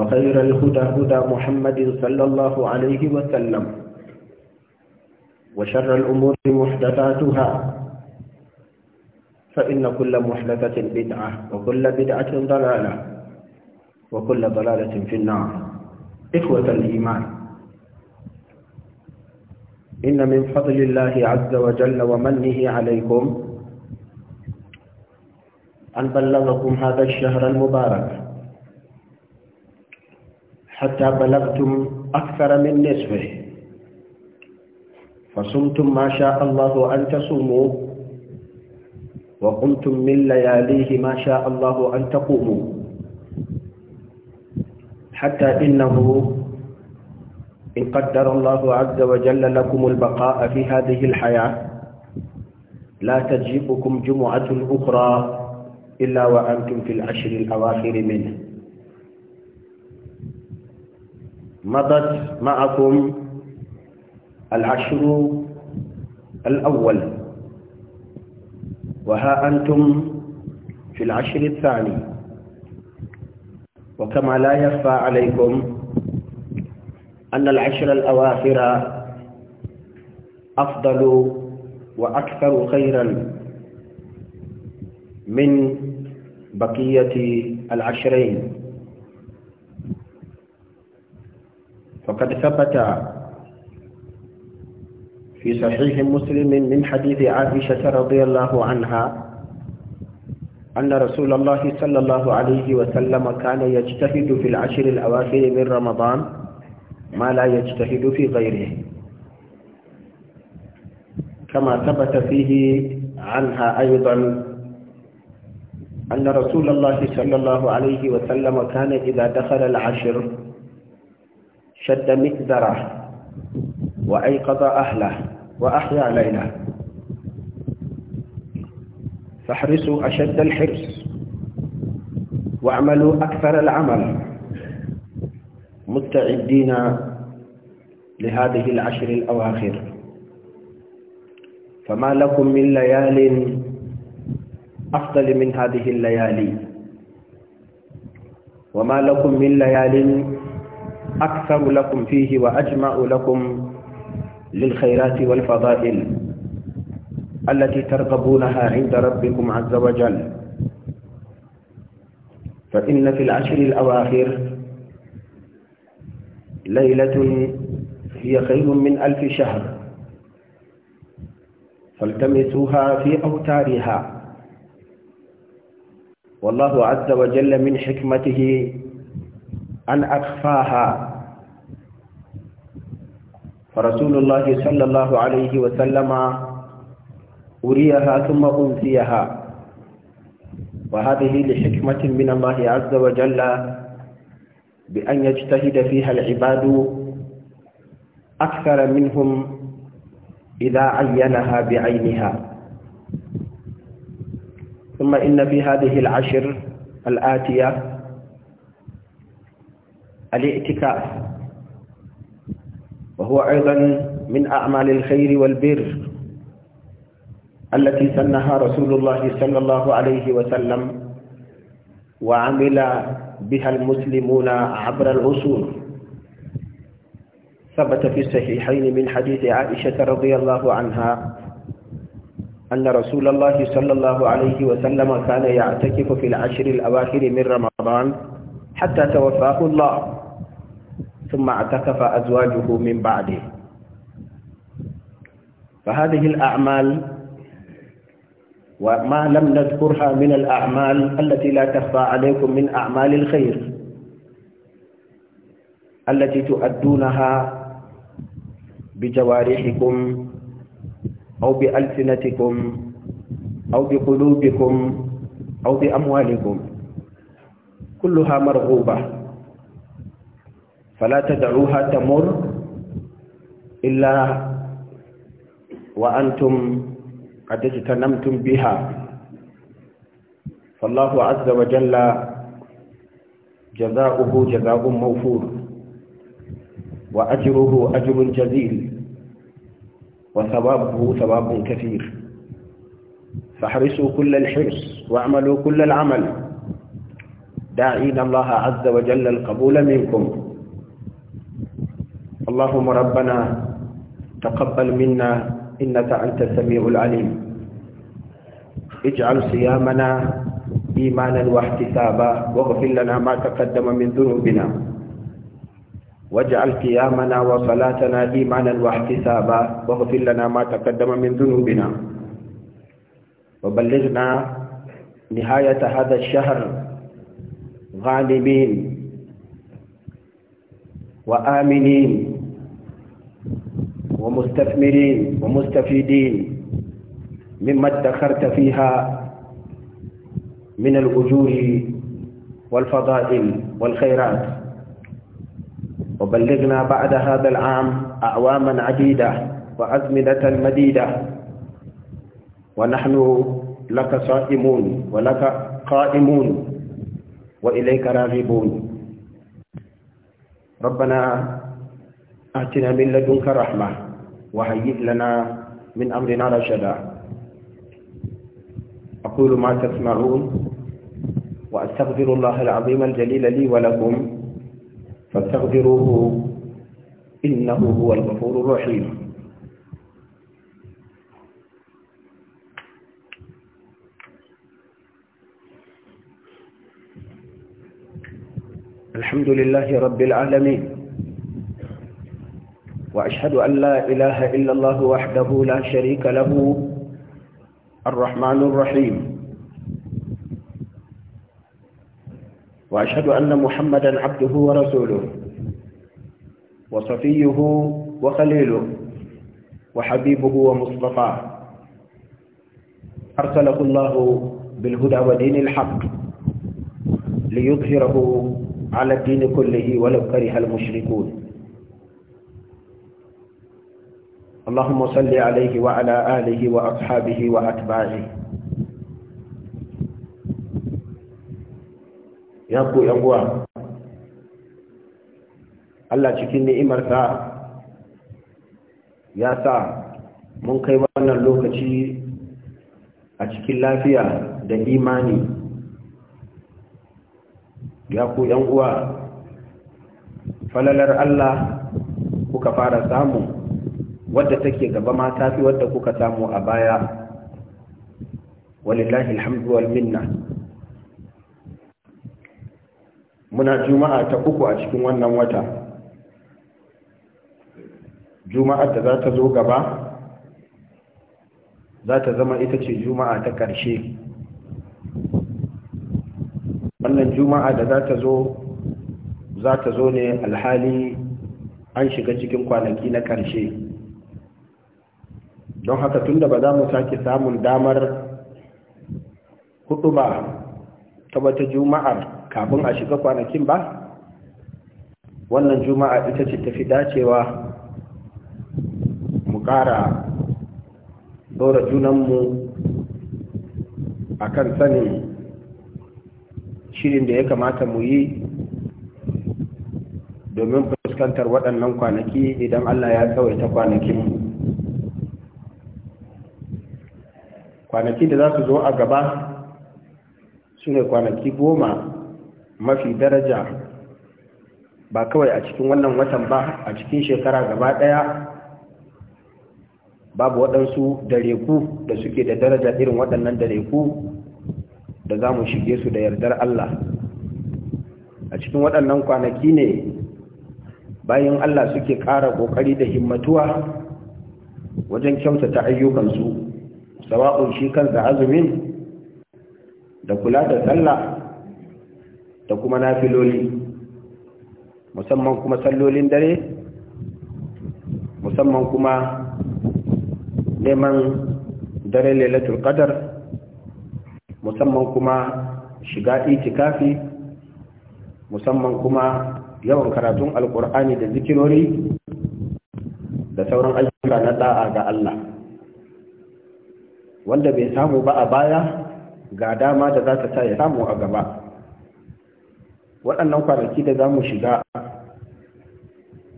وخير الهدى هدى محمد صلى الله عليه وسلم وشر الأمور محدثاتها فإن كل محدثة بدعة وكل بدعة ضلالة وكل ضلالة في النار إخوة الإيمان إن من فضل الله عز وجل ومنه عليكم أن بلغكم هذا الشهر المبارك حتى بلغتم أكثر من نصفه فصمتم ما شاء الله أن تصوموا وقمتم من لياليه ما شاء الله أن تقوموا حتى إنه إن قدر الله عز وجل لكم البقاء في هذه الحياة لا تجيبكم جمعة أخرى إلا وأنتم في العشر الأواخر منه مضت معكم العشر الأول وها أنتم في العشر الثاني وكما لا يخفى عليكم أن العشر الأواخر أفضل وأكثر خيرا من بقية العشرين فقد ثبت في صحيح مسلم من حديث عائشة رضي الله عنها أن رسول الله صلى الله عليه وسلم كان يجتهد في العشر الأواخر من رمضان ما لا يجتهد في غيره كما ثبت فيه عنها أيضا أن رسول الله صلى الله عليه وسلم كان إذا دخل العشر شد مكدره وأيقظ أهله وأحيا ليله فاحرصوا أشد الحرص واعملوا أكثر العمل مستعدين لهذه العشر الأواخر فما لكم من ليال أفضل من هذه الليالي وما لكم من ليال أكثر لكم فيه وأجمع لكم للخيرات والفضائل التي ترغبونها عند ربكم عز وجل فإن في العشر الأواخر ليلة هي خير من ألف شهر فالتمسوها في أوتارها والله عز وجل من حكمته أن أخفاها فرسول الله صلى الله عليه وسلم أريها ثم أنسيها وهذه لحكمة من الله عز وجل بأن يجتهد فيها العباد أكثر منهم إذا عينها بعينها ثم إن في هذه العشر الآتية الاعتكاف وهو أيضا من أعمال الخير والبر التي سنها رسول الله صلى الله عليه وسلم وعمل بها المسلمون عبر العصور ثبت في الصحيحين من حديث عائشة رضي الله عنها أن رسول الله صلى الله عليه وسلم كان يعتكف في العشر الأواخر من رمضان حتى توفاه الله ثم اعتكف أزواجه من بعده فهذه الأعمال وما لم نذكرها من الأعمال التي لا تخفى عليكم من أعمال الخير التي تؤدونها بجوارحكم أو بألسنتكم أو بقلوبكم أو بأموالكم كلها مرغوبة فلا تدعوها تمر إلا وأنتم قد اجتنمتم بها فالله عز وجل جزاؤه جزاء موفور وأجره أجر جزيل وثوابه ثواب كثير فاحرصوا كل الحرص واعملوا كل العمل داعين الله عز وجل القبول منكم اللهم ربنا تقبل منا إنك أنت السميع العليم اجعل صيامنا إيمانا واحتسابا واغفر لنا ما تقدم من ذنوبنا واجعل قيامنا وصلاتنا إيمانا واحتسابا واغفر لنا ما تقدم من ذنوبنا وبلغنا نهاية هذا الشهر غالبين وآمنين ومستثمرين ومستفيدين مما ادخرت فيها من الأجور والفضائل والخيرات وبلغنا بعد هذا العام أعواما عديدة وأزمنة مديدة ونحن لك صائمون ولك قائمون وإليك راغبون ربنا آتنا من لدنك رحمة وهيئ لنا من أمرنا رشدا أقول ما تسمعون وأستغفر الله العظيم الجليل لي ولكم فاستغفروه إنه هو الغفور الرحيم الحمد لله رب العالمين وأشهد أن لا إله إلا الله وحده لا شريك له الرحمن الرحيم وأشهد أن محمدا عبده ورسوله وصفيه وخليله وحبيبه ومصطفاه أرسله الله بالهدى ودين الحق ليظهره على الدين كله ولو كره المشركون اللهم صل عليه وعلى آله وأصحابه وأتباعه ya ku ‘yan uwa, Allah cikin ni'imarsa ya sa mun kai wannan lokaci a cikin lafiya da imani. Ya ku ‘yan uwa, falalar Allah kuka fara samu wadda take gaba ma tafi wadda kuka samu a baya walillahi alhamdu wal minna muna juma'a ta uku a cikin wannan wata juma'a da za ta zo gaba za ta zama ita ce juma'a ta ƙarshe wannan juma'a da za ta zo za ta zo ne alhali an shiga cikin kwanaki na ƙarshe don haka tunda ba za mu sake samun damar hudu ba ta wata juma'ar kafin a shiga kwanakin ba wannan juma'a ita ce tafi dacewa mu ƙara dora junanmu a kan sanin shirin da ya kamata mu yi domin fuskantar waɗannan kwanaki idan Allah ya tsawaita kwanakinmu kwanaki da za su zo a gaba su ne kwanaki goma mafi daraja ba kawai a cikin wannan watan ba a cikin shekara gaba ɗaya babu waɗansu dareku da suke da daraja irin waɗannan dareku da za mu shige su da yardar Allah a cikin waɗannan kwanaki ne bayan Allah suke ƙara ƙoƙari da himmatuwa wajen kyautata ayyukansu sawa'un shi kansa azumin da kula da sallah da kuma nafiloli musamman kuma sallolin dare musamman kuma neman dare lailatul qadar musamman kuma shiga itikafi musamman kuma yawan karatun alkur'ani da zikirori da sauran ayyuka na da'a ga Allah wanda bai samu ba a baya ga dama da za ta sa ya samu a gaba waɗannan kwanaki da za mu shiga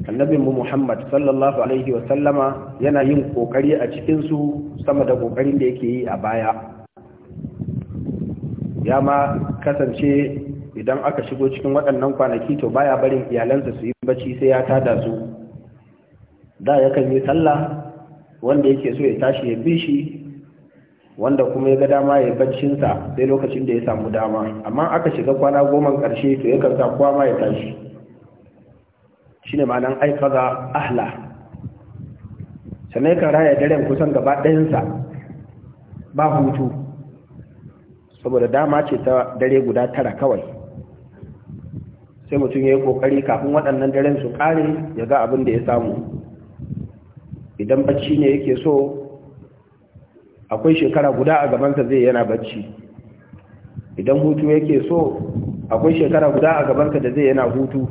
annabinmu muhammad sallallahu alaihi wasallama yana yin ƙoƙari a cikinsu sama da ƙoƙarin da yake yi a baya ya ma kasance idan aka shigo cikin waɗannan kwanaki to baya barin iyalansa su yi bacci sai ya tada su da ya kan yi sallah wanda yake so ya tashi ya bi shi wanda kuma ya ga dama ya baccinsa sai lokacin da ya samu dama amma aka shiga kwana goma karshe to ya kan kowa ma ya tashi shine ma'anan aikaza ahla sannan ya raya daren kusan gaba ɗayansa ba hutu saboda dama ce ta dare guda tara kawai sai mutum ya yi ƙoƙari kafin waɗannan daren su ƙare ya ga abin da ya samu idan bacci ne yake so akwai shekara guda a gabansa zai yana bacci idan hutu yake so akwai shekara guda a gabansa da zai yana hutu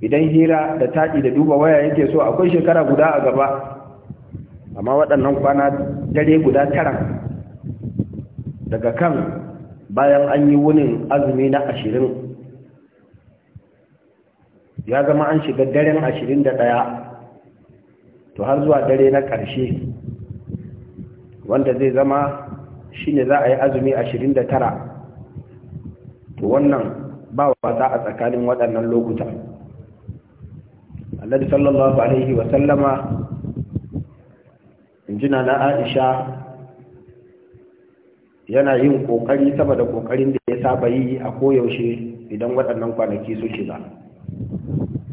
idan hira da taɗi da duba waya yake so akwai shekara guda a gaba amma waɗannan kwana dare guda tara daga kan bayan an yi wunin azumi na ashirin ya zama an shiga daren ashirin da ɗaya to har zuwa dare na ƙarshe wanda zai zama shi ne za a yi azumi ashirin 29 to wannan ba wasa a tsakanin waɗannan lokuta annabi sallallahu alaihi wa sallama injina na Aisha yana yin kokari saboda kokarin da ya saba yi a koyaushe idan waɗannan kwanaki su shiga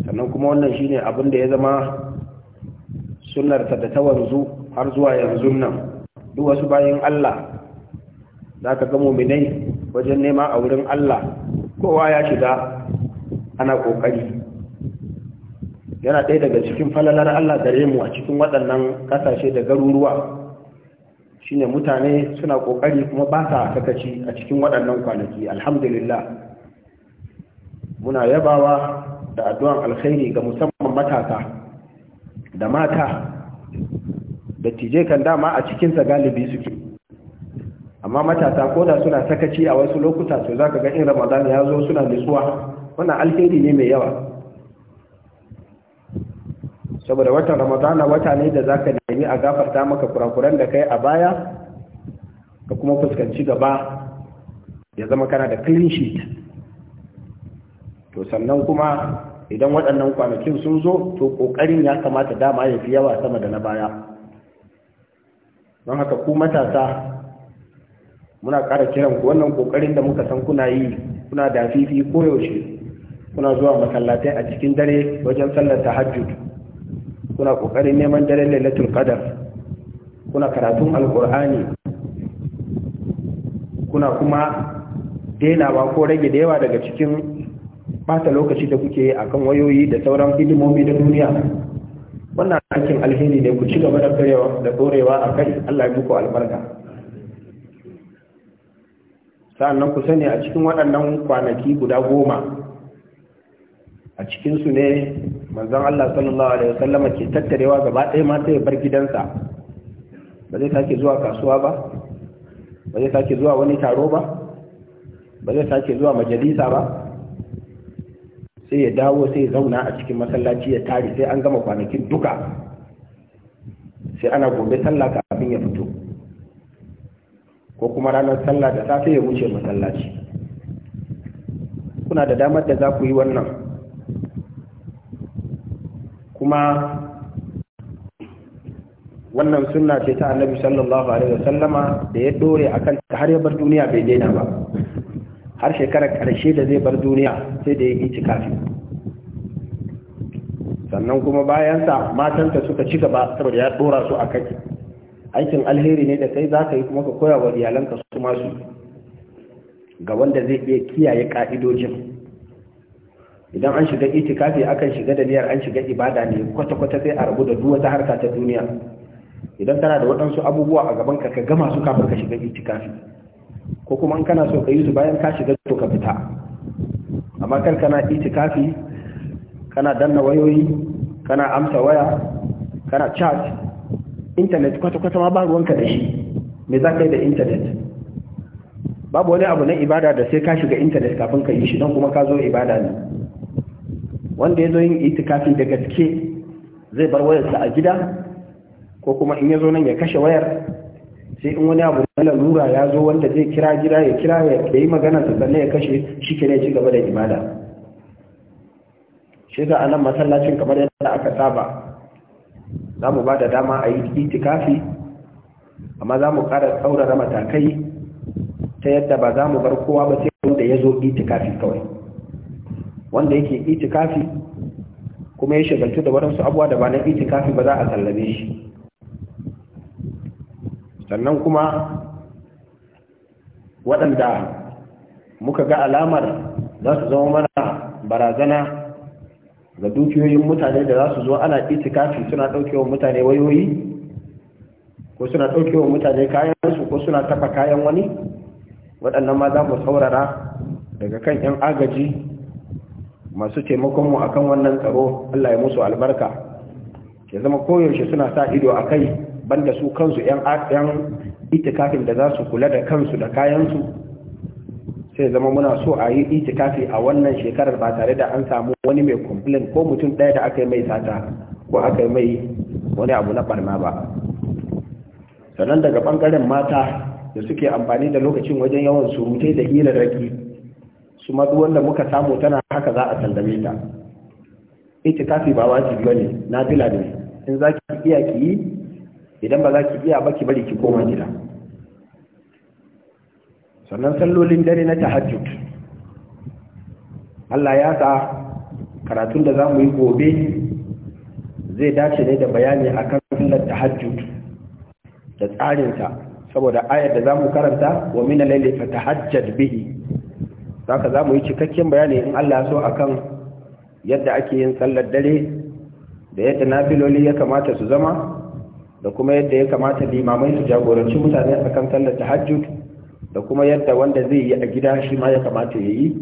sannan kuma wannan shine abin da ya zama sunarta da ta wanzu har zuwa yanzu nan duk wasu bayan Allah za ka gamo muminai wajen nema a wurin Allah kowa ya shiga ana kokari yana ɗaya daga cikin falalar Allah gare mu a cikin waɗannan ƙasashe da garuruwa Shi ne mutane suna ƙoƙari kuma ba sa sakaci a cikin waɗannan kwanaki alhamdulillah muna yabawa da addu'an alkhairi ga musamman matasa da mata dattijai kan dama a cikinsa galibi suke amma matasa ko da suna sakaci a wasu lokuta to za ka ga in ramadan ya zo suna nutsuwa wannan alheri ne mai yawa saboda watan ramadana wata ne da za ka nemi a gafarta maka kurakuran da kai a baya ka kuma fuskanci gaba ya zama kana da clean sheet to sannan kuma idan waɗannan kwanakin sun zo to ƙoƙarin ya kamata dama ya fi yawa sama da na baya don haka ku matasa muna ƙara kiran ku wannan ƙoƙarin da muka san kuna yi kuna da fifi koyaushe kuna zuwa masallatai a cikin dare wajen sallar tahajjud kuna ƙoƙarin neman dare lailatul qadar kuna karatun alƙur'ani kuna kuma denawa ko rage da yawa daga cikin bata lokaci da kuke yi akan wayoyi da sauran hidimomi da duniya aikin alheri ne ku ci gaba da karewa da korewa a kai Allah ya muku albarka sa'annan ku sani a cikin waɗannan kwanaki guda goma a cikin su ne manzon Allah sallallahu alaihi wasallama ke tattarewa gaba ɗaya ma sai ya bar gidansa ba zai sake zuwa kasuwa ba ba zai sake zuwa wani taro ba ba zai sake zuwa majalisa ba sai ya dawo sai ya zauna a cikin masallaci ya tare sai an gama kwanakin duka sai ana gobe sallah abin ya fito ko kuma ranar sallah da safe ya wuce masallaci kuna da damar da za ku yi wannan kuma wannan sunna ce ta annabi sallallahu alaihi wasallama da ya dore akan har ya bar duniya bai daina ba har shekarar karshe da zai bar duniya sai da ya yi itikafi sannan kuma bayan bayansa matanta suka ci gaba saboda ya dora su a kai aikin alheri ne da kai za ka yi kuma ka koya wa iyalanka su masu ga wanda zai iya kiyaye ka'idojin idan an shiga itikafi akan shiga da niyyar an shiga ibada ne kwata-kwata sai a rabu da duk wata harka ta duniya idan kana da waɗansu abubuwa a gaban ka ka gama su kafin ka shiga itikafi ko kuma in kana so ka yi su bayan ka shiga to ka fita amma kar kana itikafi kana danna wayoyi kana amsa waya kana chat internet kwata-kwata ma ba ruwanka da shi me za ka yi da internet babu wani abu na ibada da sai ka shiga internet kafin ka yi shi don kuma ka zo ibada ne wanda ya zo yin itikafi da gaske zai bar wayarsa a gida ko kuma in ya zo nan ya kashe wayar sai in wani abu na lura ya zo wanda zai kira gida ya kira ya yi magana sannan ya kashe shi ke ne ci gaba da ibada shi za a nan masallacin kamar yadda aka saba za mu ba da dama a yi itikafi amma za mu ƙara tsaurara matakai ta yadda ba za mu bar kowa ba sai wanda ya zo itikafi kawai wanda yake itikafi kuma ya shagaltu da waɗansu abuwa da ba na itikafi ba za a sallame shi sannan kuma waɗanda muka ga alamar za su zama mana barazana ga dukiyoyin mutane da za su zo ana itikafi suna ɗaukewa mutane wayoyi ko suna ɗaukewa mutane kayansu ko suna tafa kayan wani waɗannan ma za mu saurara daga kan 'yan agaji masu taimakonmu a kan wannan tsaro allah ya musu albarka ya zama koyaushe suna sa ido a kai banda su kansu 'yan itikafin da za su kula da kansu da kayansu sai zama muna so a yi itikafi a wannan shekarar ba tare da an samu wani mai complain ko mutum ɗaya da aka yi mai sata ko aka yi mai wani abu na barna ba sannan daga ɓangaren mata da suke amfani da lokacin wajen yawan surutai da raki su matsu wanda muka samu tana haka za a sallame ta itikafi ba wajibi bane na fila ne in za ki iya ki yi idan ba za ki iya ba ki bari ki koma gida sannan sallolin dare na tahajjud Allah ya sa karatun da zamu yi gobe zai dace ne da bayani akan sallar tahajjud da tsarin ta saboda ayar da zamu karanta wa mina laili fa tahajjad bihi saka zamu yi cikakken bayani in Allah so akan yadda ake yin sallar dare da yadda nafiloli ya kamata su zama da kuma yadda ya kamata limamai su jagoranci mutane akan sallar tahajjud da kuma yadda wanda zai yi a gida shi ma ya kamata ya yi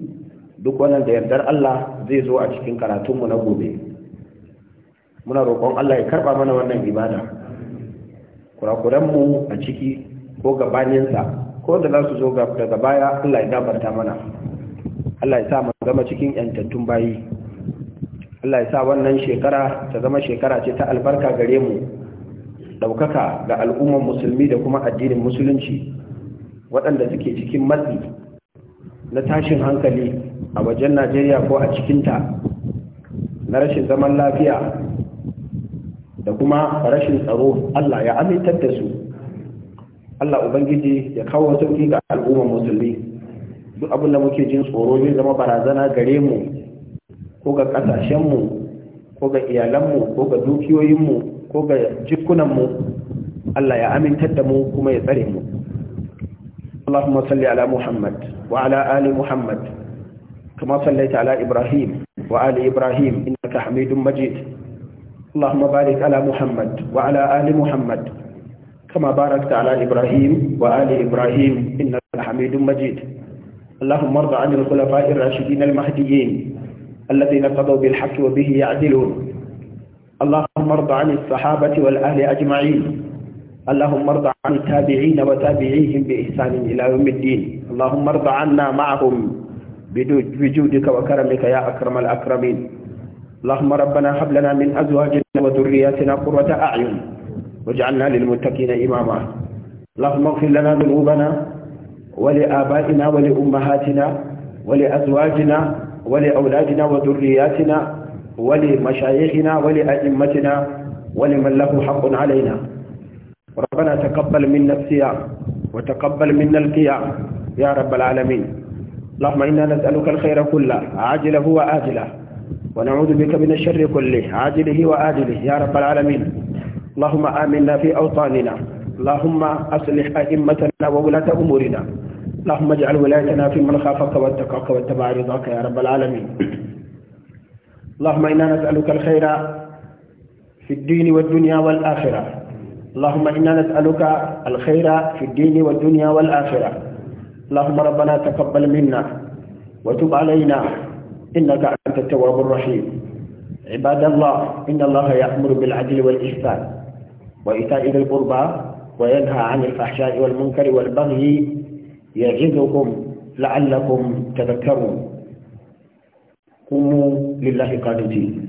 duk wannan da yardar Allah zai zo a cikin karatunmu na gobe muna roƙon Allah ya karɓa mana wannan ibada kurakuranmu a ciki ko gabaninsa ko da za su zo daga baya Allah ya damarta mana Allah ya sa mu zama cikin yantattun bayi Allah ya sa wannan shekara ta zama shekara ce ta albarka gare mu ɗaukaka ga al'ummar musulmi da kuma addinin musulunci waɗanda suke cikin matsi na tashin hankali a wajen najeriya ko a cikinta na rashin zaman lafiya da kuma rashin tsaro allah ya amintar da su allah ubangiji ya kawo sauki ga al'ummar musulmi duk abin da muke jin tsoro zai zama barazana gare mu ko ga ƙasashenmu ko ga iyalanmu ko ga mu ko ga jikunanmu allah ya amintar da mu kuma ya tsare mu اللهم صل على محمد وعلى آل محمد كما صليت على إبراهيم وآل إبراهيم إنك حميد مجيد اللهم بارك على محمد وعلى آل محمد كما باركت على إبراهيم وآل إبراهيم إنك حميد مجيد اللهم ارض عن الخلفاء الراشدين المهديين الذين قضوا بالحق وبه يعدلون اللهم ارض عن الصحابة والأهل أجمعين اللهم ارض عن التابعين وتابعيهم بإحسان إلى يوم الدين اللهم ارض عنا معهم بجودك وكرمك يا أكرم الأكرمين اللهم ربنا هب لنا من أزواجنا وذرياتنا قرة أعين واجعلنا للمتقين إماما اللهم اغفر لنا ذنوبنا ولآبائنا ولأمهاتنا ولأزواجنا ولأولادنا وذرياتنا ولمشايخنا ولأئمتنا ولمن له حق علينا ربنا تقبل منا الصيام وتقبل منا القيام يا رب العالمين اللهم إنا نسألك الخير كله عاجله وآجله ونعوذ بك من الشر كله عاجله وآجله يا رب العالمين اللهم آمنا في أوطاننا اللهم أصلح أئمتنا وولاة أمورنا اللهم اجعل ولايتنا في من خافك واتقاك واتبع رضاك يا رب العالمين اللهم إنا نسألك الخير في الدين والدنيا والآخرة اللهم إنا نسألك الخير في الدين والدنيا والآخرة اللهم ربنا تقبل منا وتب علينا إنك أنت التواب الرحيم عباد الله إن الله يأمر بالعدل والإحسان وإيتاء ذي القربى وينهى عن الفحشاء والمنكر والبغي يعظكم لعلكم تذكرون قوموا لله قانتين